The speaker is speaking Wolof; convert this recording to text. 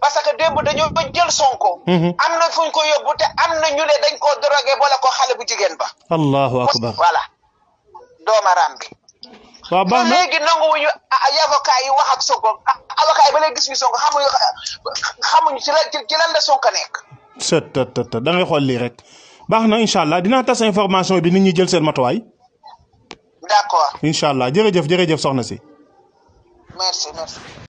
parce que démb dañoo jël sonko. Mhm. am na fu ñu ko yóbbu te am na ñu ne dañ koo drogué boole ko xale bu jigéen ba. allahu akbar voilà doomaraam bi. waaw baax na léegi nanguwuñu avocat yi wax ak sonko avocat yi ba léegi gis ñu sonko xamuñu ci lan ci sonko nekk. sët tët tët da ngay lii rek baax na incha allah dinaa tas information bi nu ñuy jël seen matuwaay. d' accord incha allah jërëjëf jërëjëf soxna si.